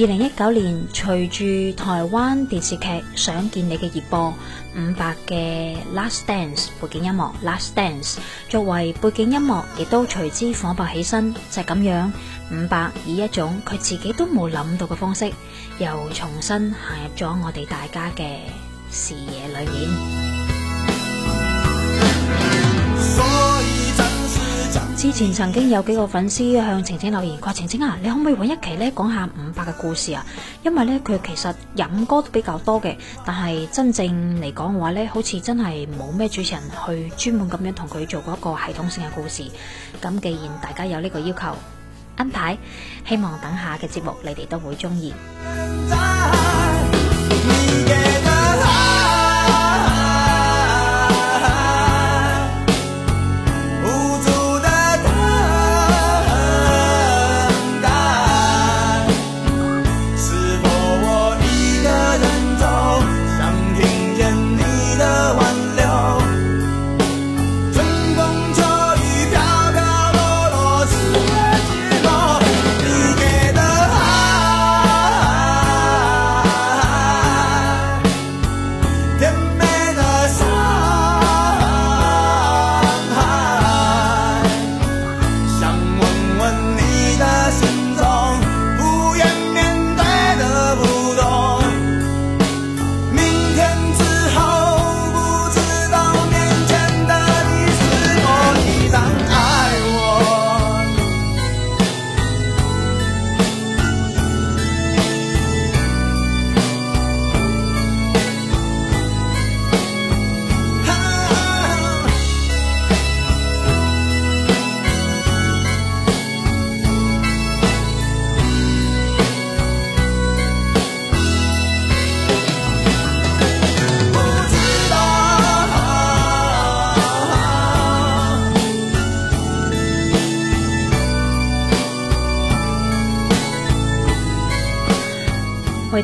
二零一九年，隨住台灣電視劇《想見你》嘅熱播，伍佰嘅《Last Dance》背景音樂《Last Dance》作為背景音樂，亦都隨之火爆起身。就係、是、咁樣，伍佰以一種佢自己都冇諗到嘅方式，又重新行入咗我哋大家嘅視野裏面。之前曾經有幾個粉絲向晴晴留言，話晴晴啊，你可唔可以揾一期呢講下伍佰嘅故事啊？因為呢，佢其實飲歌都比較多嘅，但係真正嚟講嘅話呢，好似真係冇咩主持人去專門咁樣同佢做過一個系統性嘅故事。咁既然大家有呢個要求，安排，希望等下嘅節目你哋都會中意。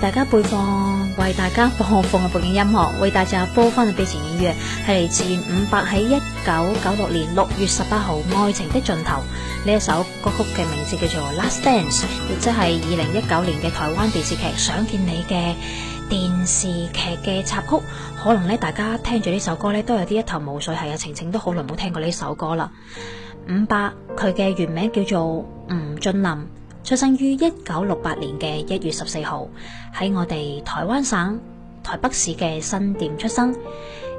大家背放，為大家播放嘅背景音樂，為大家播翻嘅背景音樂係嚟自伍佰喺一九九六年六月十八號《愛情的盡頭》呢一首歌曲嘅名字叫做《Last Dance》，亦即係二零一九年嘅台灣電視劇《想見你》嘅電視劇嘅插曲。可能咧，大家聽住呢首歌咧，都有啲一頭霧水。係啊，晴晴都好耐冇聽過呢首歌啦。伍佰佢嘅原名叫做吳俊霖。出生於一九六八年嘅一月十四號，喺我哋台灣省台北市嘅新店出生。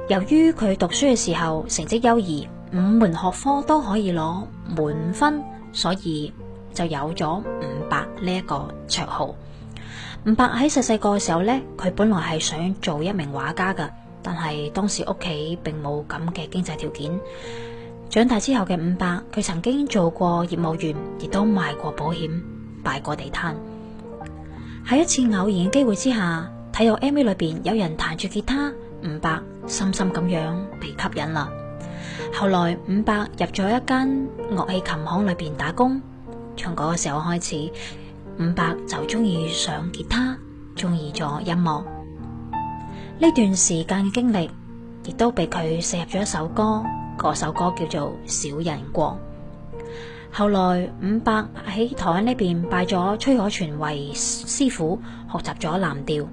由於佢讀書嘅時候成績優異，五門學科都可以攞滿分，所以就有咗伍佰呢一個綽號。伍佰喺細細個嘅時候呢，佢本來係想做一名畫家噶，但係當時屋企並冇咁嘅經濟條件。長大之後嘅伍佰，佢曾經做過業務員，亦都賣過保險。擺過地攤，喺一次偶然嘅機會之下，睇到 MV 裏邊有人彈住吉他，伍佰深深咁樣被吸引啦。後來伍佰入咗一間樂器琴行裏邊打工，從嗰個時候開始，伍佰就中意上吉他，中意咗音樂。呢段時間嘅經歷，亦都俾佢寫入咗一首歌，嗰首歌叫做《小人國》。後來，伍佰喺台灣呢邊拜咗崔可全為師傅，學習咗藍調。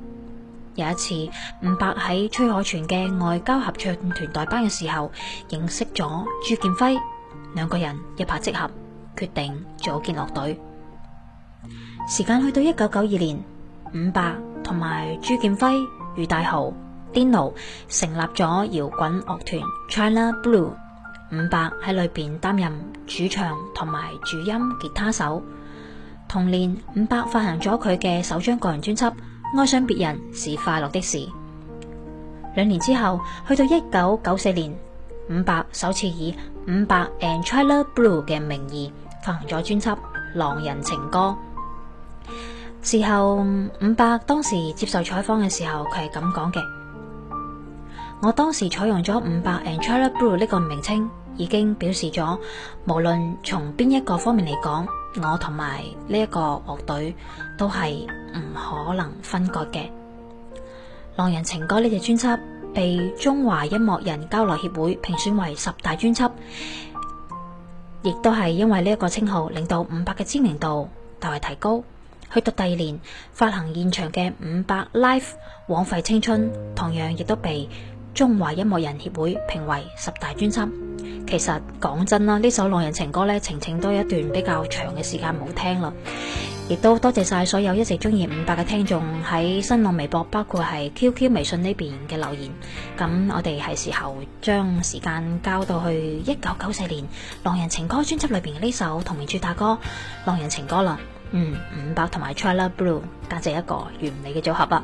有一次，伍佰喺崔可全嘅外交合唱團代班嘅時候，認識咗朱建輝，兩個人一拍即合，決定組建樂隊。時間去到一九九二年，伍佰同埋朱建輝、余大豪、Dino 成立咗搖滾樂團 China Blue。伍佰喺裏邊擔任主唱同埋主音吉他手。同年，伍佰發行咗佢嘅首張個人專輯《愛上別人是快樂的事》。兩年之後，去到一九九四年，伍佰首次以伍佰《and China Blue》嘅名義發行咗專輯《浪人情歌》。事後，伍佰當時接受採訪嘅時候，佢係咁講嘅：我當時採用咗伍佰《and China Blue》呢個名稱。已經表示咗，無論從邊一個方面嚟講，我同埋呢一個樂隊都係唔可能分割嘅。《浪人情歌》呢隻專輯被中華音樂人交流協會評選為十大專輯，亦都係因為呢一個稱號令到伍佰嘅知名度大為提高。去到第二年發行現場嘅伍佰 Live《枉費青春》，同樣亦都被。中華音樂人協會評為十大專輯。其實講真啦，呢首《浪人情歌》呢，晴晴都有一段比較長嘅時間冇聽啦，亦都多謝晒所有一直中意伍佰嘅聽眾喺新浪微博，包括係 QQ、微信呢邊嘅留言。咁我哋係時候將時間交到去一九九四年《浪人情歌》專輯裏邊嘅呢首同名主打歌《浪人情歌》啦。嗯，伍佰同埋 China Blue 簡直一個完美嘅組合啊！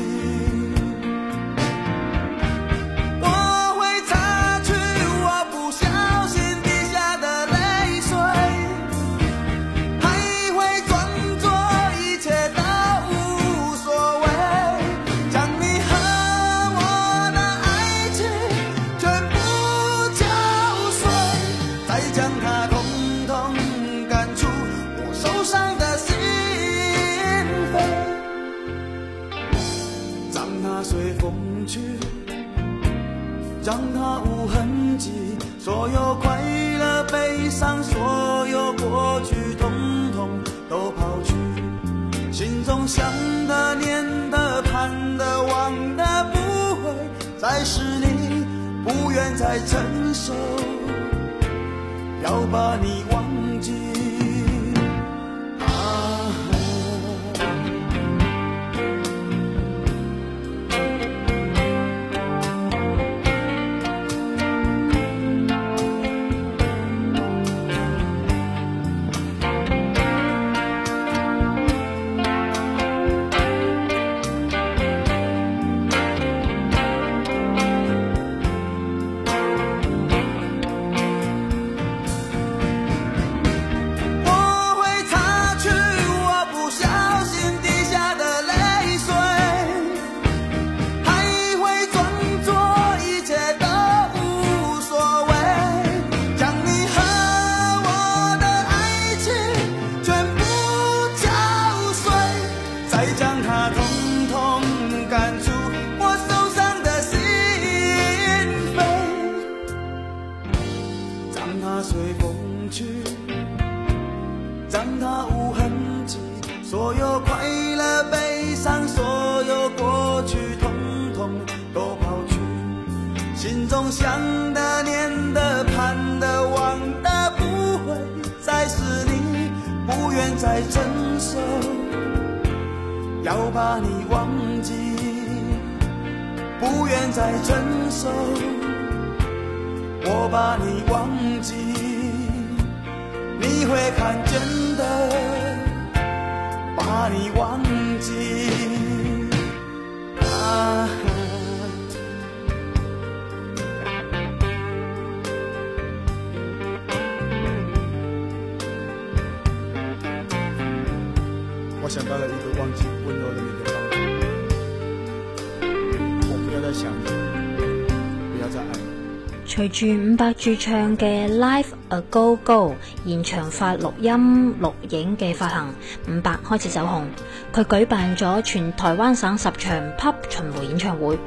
再承受，要把你。想的念的盼的望的不會再是你，不願再承受，要把你忘記，不願再承受，我把你忘記，你會看見的，把你忘記。啊，嘿。隨住伍佰駐唱嘅 Live A Go Go 現場發錄音錄影嘅發行，伍佰開始走紅。佢舉辦咗全台灣省十場 Pop 巡迴演唱會，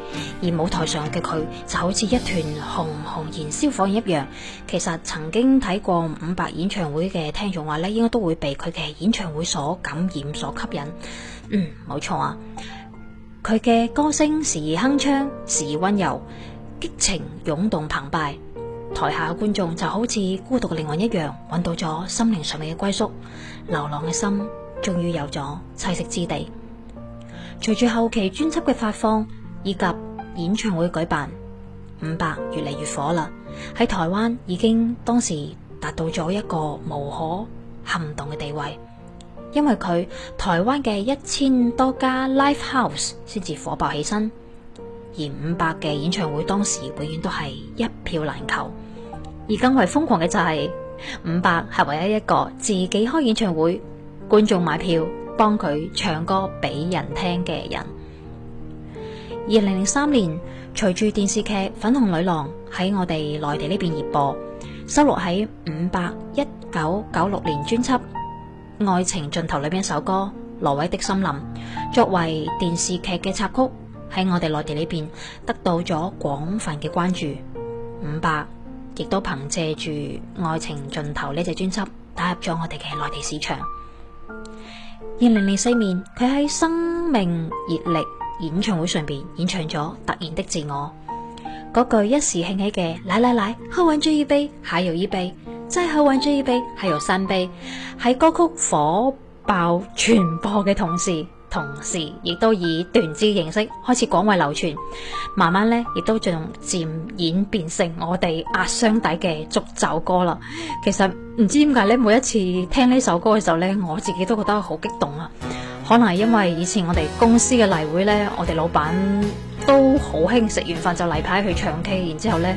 而舞台上嘅佢就好似一團熊熊燃燒火一樣。其實曾經睇過伍佰演唱會嘅聽眾話呢，應該都會被佢嘅演唱會所感染、所吸引。嗯，冇錯啊。佢嘅歌聲時而鏗鏘，時而溫柔。激情湧動澎湃，台下嘅觀眾就好似孤獨嘅靈魂一樣，揾到咗心靈上面嘅歸宿，流浪嘅心終於有咗棲息之地。隨住後期專輯嘅發放以及演唱會舉辦，伍佰越嚟越火啦，喺台灣已經當時達到咗一個無可撼動嘅地位，因為佢台灣嘅一千多家 live house 先至火爆起身。而伍佰嘅演唱會當時永遠都係一票難求，而更為瘋狂嘅就係伍佰係唯一一個自己開演唱會、觀眾買票幫佢唱歌俾人聽嘅人。二零零三年，隨住電視劇《粉紅女郎》喺我哋內地呢邊熱播，收錄喺伍佰一九九六年專輯《愛情盡頭》裏邊一首歌《挪威的森林》作為電視劇嘅插曲。喺我哋內地呢邊得到咗廣泛嘅關注，伍佰亦都憑借住《愛情盡頭》呢隻專輯打入咗我哋嘅內地市場。二零零四年，佢喺生命熱力演唱會上邊演唱咗《突然的自我》，嗰句一時興起嘅“來來來，喝完這一杯，還有一杯；再喝完這一杯，還有三杯”，喺歌曲火爆傳播嘅同時。同時，亦都以段子形式開始廣為流傳，慢慢咧亦都仲漸演變成我哋壓箱底嘅祝酒歌啦。其實唔知點解咧，每一次聽呢首歌嘅時候咧，我自己都覺得好激動啊。可能係因為以前我哋公司嘅例會咧，我哋老闆都好興食完飯就例牌去唱 K，然之後咧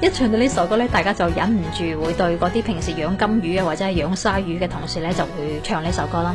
一唱到呢首歌咧，大家就忍唔住會對嗰啲平時養金魚啊或者係養鯊魚嘅同事咧，就會唱呢首歌啦。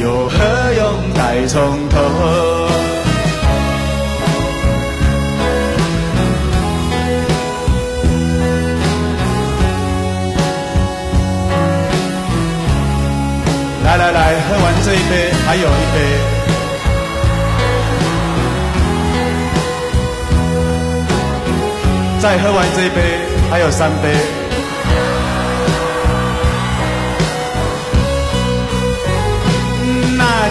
又何用待從頭？來來來，喝完這一杯，還有一杯。再喝完這一杯，還有三杯。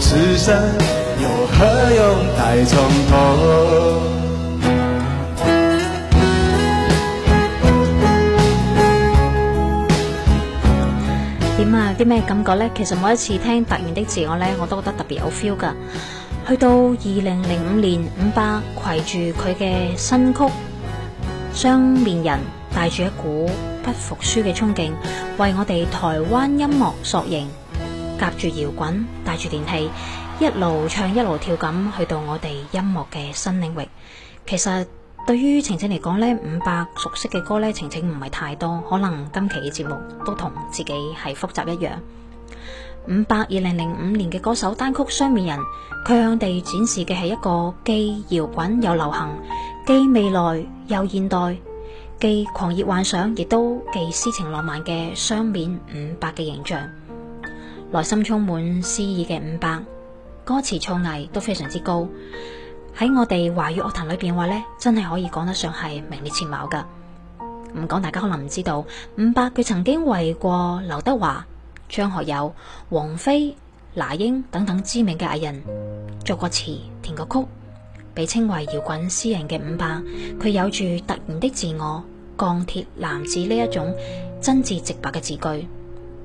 此生又何用大點啊？啲咩感覺咧？其實每一次聽突然的自我咧，我都覺得特別有 feel 噶。去到二零零五年，伍佰携住佢嘅新曲《雙面人》，帶住一股不服輸嘅衝勁，為我哋台灣音樂塑形，夾住搖滾。帶住電器，一路唱一路跳咁去到我哋音樂嘅新領域。其實對於晴晴嚟講呢，伍佰熟悉嘅歌呢，晴晴唔係太多，可能今期嘅節目都同自己係複雜一樣。伍佰二零零五年嘅歌手單曲《雙面人》，佢向地展示嘅係一個既搖滾又流行，既未來又現代，既狂熱幻想，亦都既詩情浪漫嘅雙面伍佰嘅形象。內心充滿詩意嘅伍佰，歌詞造詣都非常之高，喺我哋華語樂壇裏邊話呢真係可以講得上係名列前茅噶。唔講大家可能唔知道，伍佰佢曾經為過劉德華、張學友、王菲、那英等等知名嘅藝人作過詞、填過曲，被稱為搖滾詩人嘅伍佰，佢有住突然的自我、鋼鐵男子呢一種真摯直白嘅字句。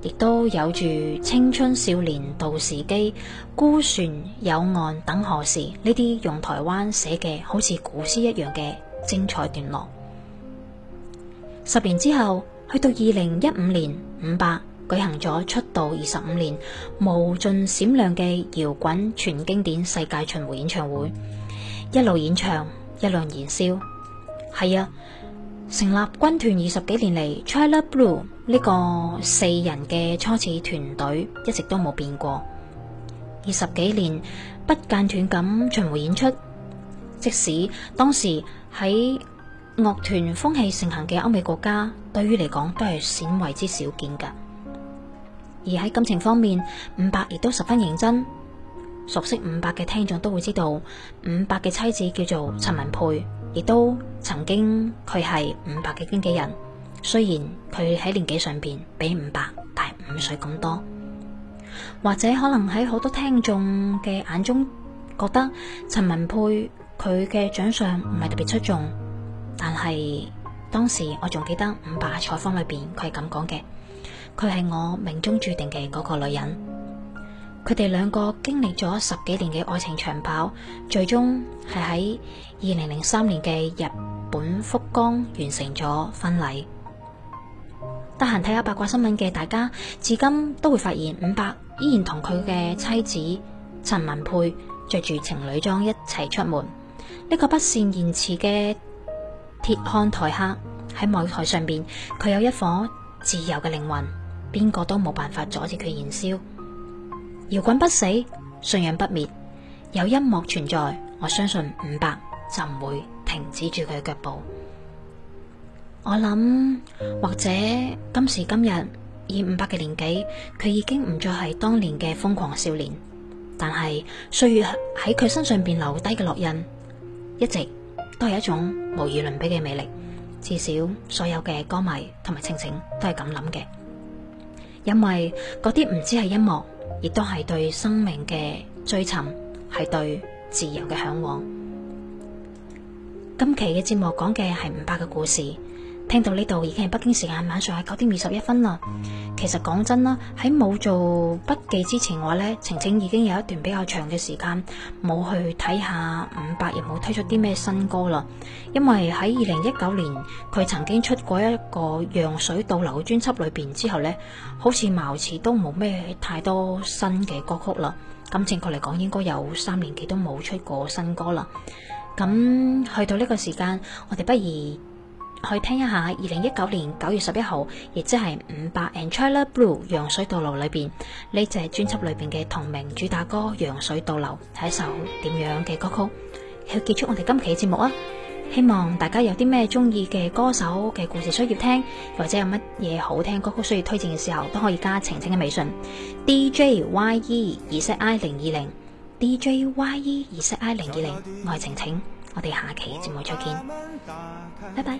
亦都有住青春少年度時機，孤船有岸等何時呢啲用台灣寫嘅好似古詩一樣嘅精彩段落。十年之後，去到二零一五年，伍佰舉行咗出道二十五年無盡閃亮嘅搖滾全經典世界巡迴演唱會，一路演唱，一路燃燒，係啊！成立軍團二十幾年嚟 China Blue 呢個四人嘅初始團隊一直都冇變過。二十幾年不間斷咁巡迴演出，即使當時喺樂團風氣盛行嘅歐美國家，對於嚟講都係鮮為之少見噶。而喺感情方面，伍佰亦都十分認真。熟悉伍佰嘅聽眾都會知道，伍佰嘅妻子叫做陳文佩。亦都曾經佢係伍佰嘅經紀人，雖然佢喺年紀上邊比伍佰大五歲咁多，或者可能喺好多聽眾嘅眼中覺得陳文佩佢嘅長相唔係特別出眾，但係當時我仲記得伍佰喺採訪裏邊佢係咁講嘅，佢係我命中注定嘅嗰個女人。佢哋兩個經歷咗十幾年嘅愛情長跑，最終係喺二零零三年嘅日本福岡完成咗婚禮。得閒睇下八卦新聞嘅大家，至今都會發現伍佰依然同佢嘅妻子陳文佩着住情侶裝一齊出門。呢個不善言辭嘅鐵漢台客喺舞台上邊，佢有一顆自由嘅靈魂，邊個都冇辦法阻止佢燃燒。搖滾不死，信仰不滅，有音樂存在，我相信伍佰就唔會停止住佢嘅腳步。我諗，或者今時今日以伍佰嘅年紀，佢已經唔再係當年嘅瘋狂少年，但係歲月喺佢身上邊留低嘅烙印，一直都係一種無與倫比嘅魅力。至少所有嘅歌迷同埋晴晴都係咁諗嘅，因為嗰啲唔止係音樂。亦都係對生命嘅追尋，係對自由嘅向往。今期嘅節目講嘅係伍佰嘅故事。聽到呢度已經係北京時間晚上係九點二十一分啦。其實講真啦，喺冇做筆記之前嘅話咧，晴晴已經有一段比較長嘅時間冇去睇下伍佰，亦冇推出啲咩新歌啦。因為喺二零一九年佢曾經出過一個《讓水倒流》嘅專輯裏邊之後呢，好似貌似都冇咩太多新嘅歌曲啦。咁正確嚟講，應該有三年幾都冇出過新歌啦。咁去到呢個時間，我哋不如。去聽一下二零一九年九月十一號，亦即係伍佰《China Blue》羊水倒流裏邊呢隻專輯裏邊嘅同名主打歌《羊水倒流》，係一首點樣嘅歌曲？要結束我哋今期節目啊！希望大家有啲咩中意嘅歌手嘅故事需要聽，或者有乜嘢好聽歌曲需要推薦嘅時候，都可以加晴晴嘅微信 DJYE 二七 I 零二零 DJYE 二七 I 零二零，我係晴晴，我哋下期節目再見，拜拜。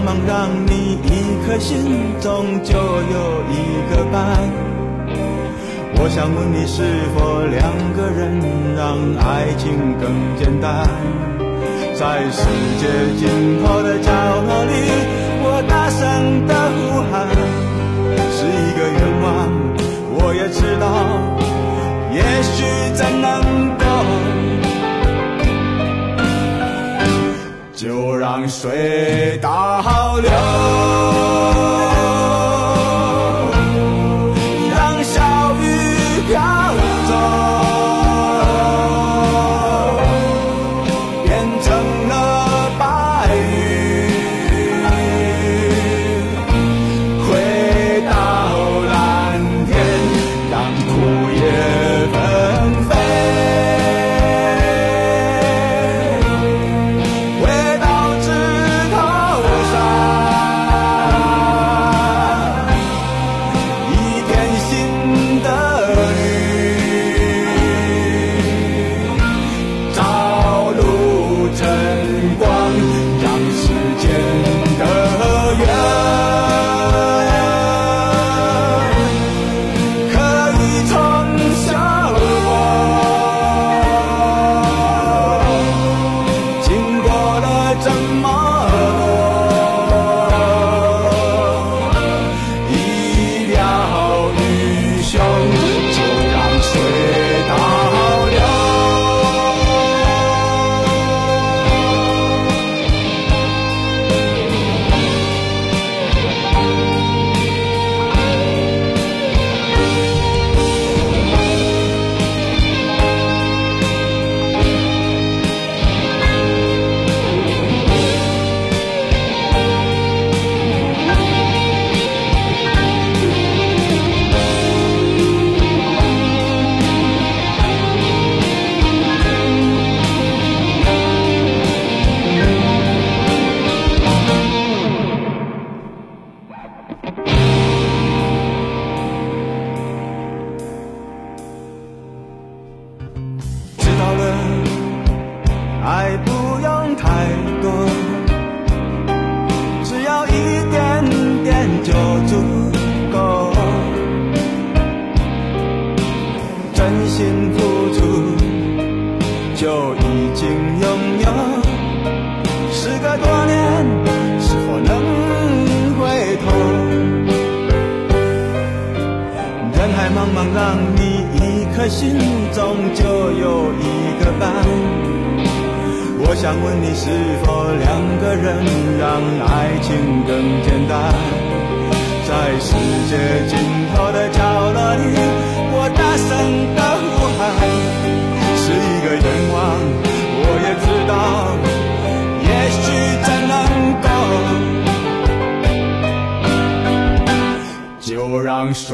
茫茫讓你一顆心終究有一個伴，我想問你是否兩個人讓愛情更簡單。在世界盡頭的角落裏，我大聲的呼喊，是一個願望，我也知道，也許真能。就讓水倒流。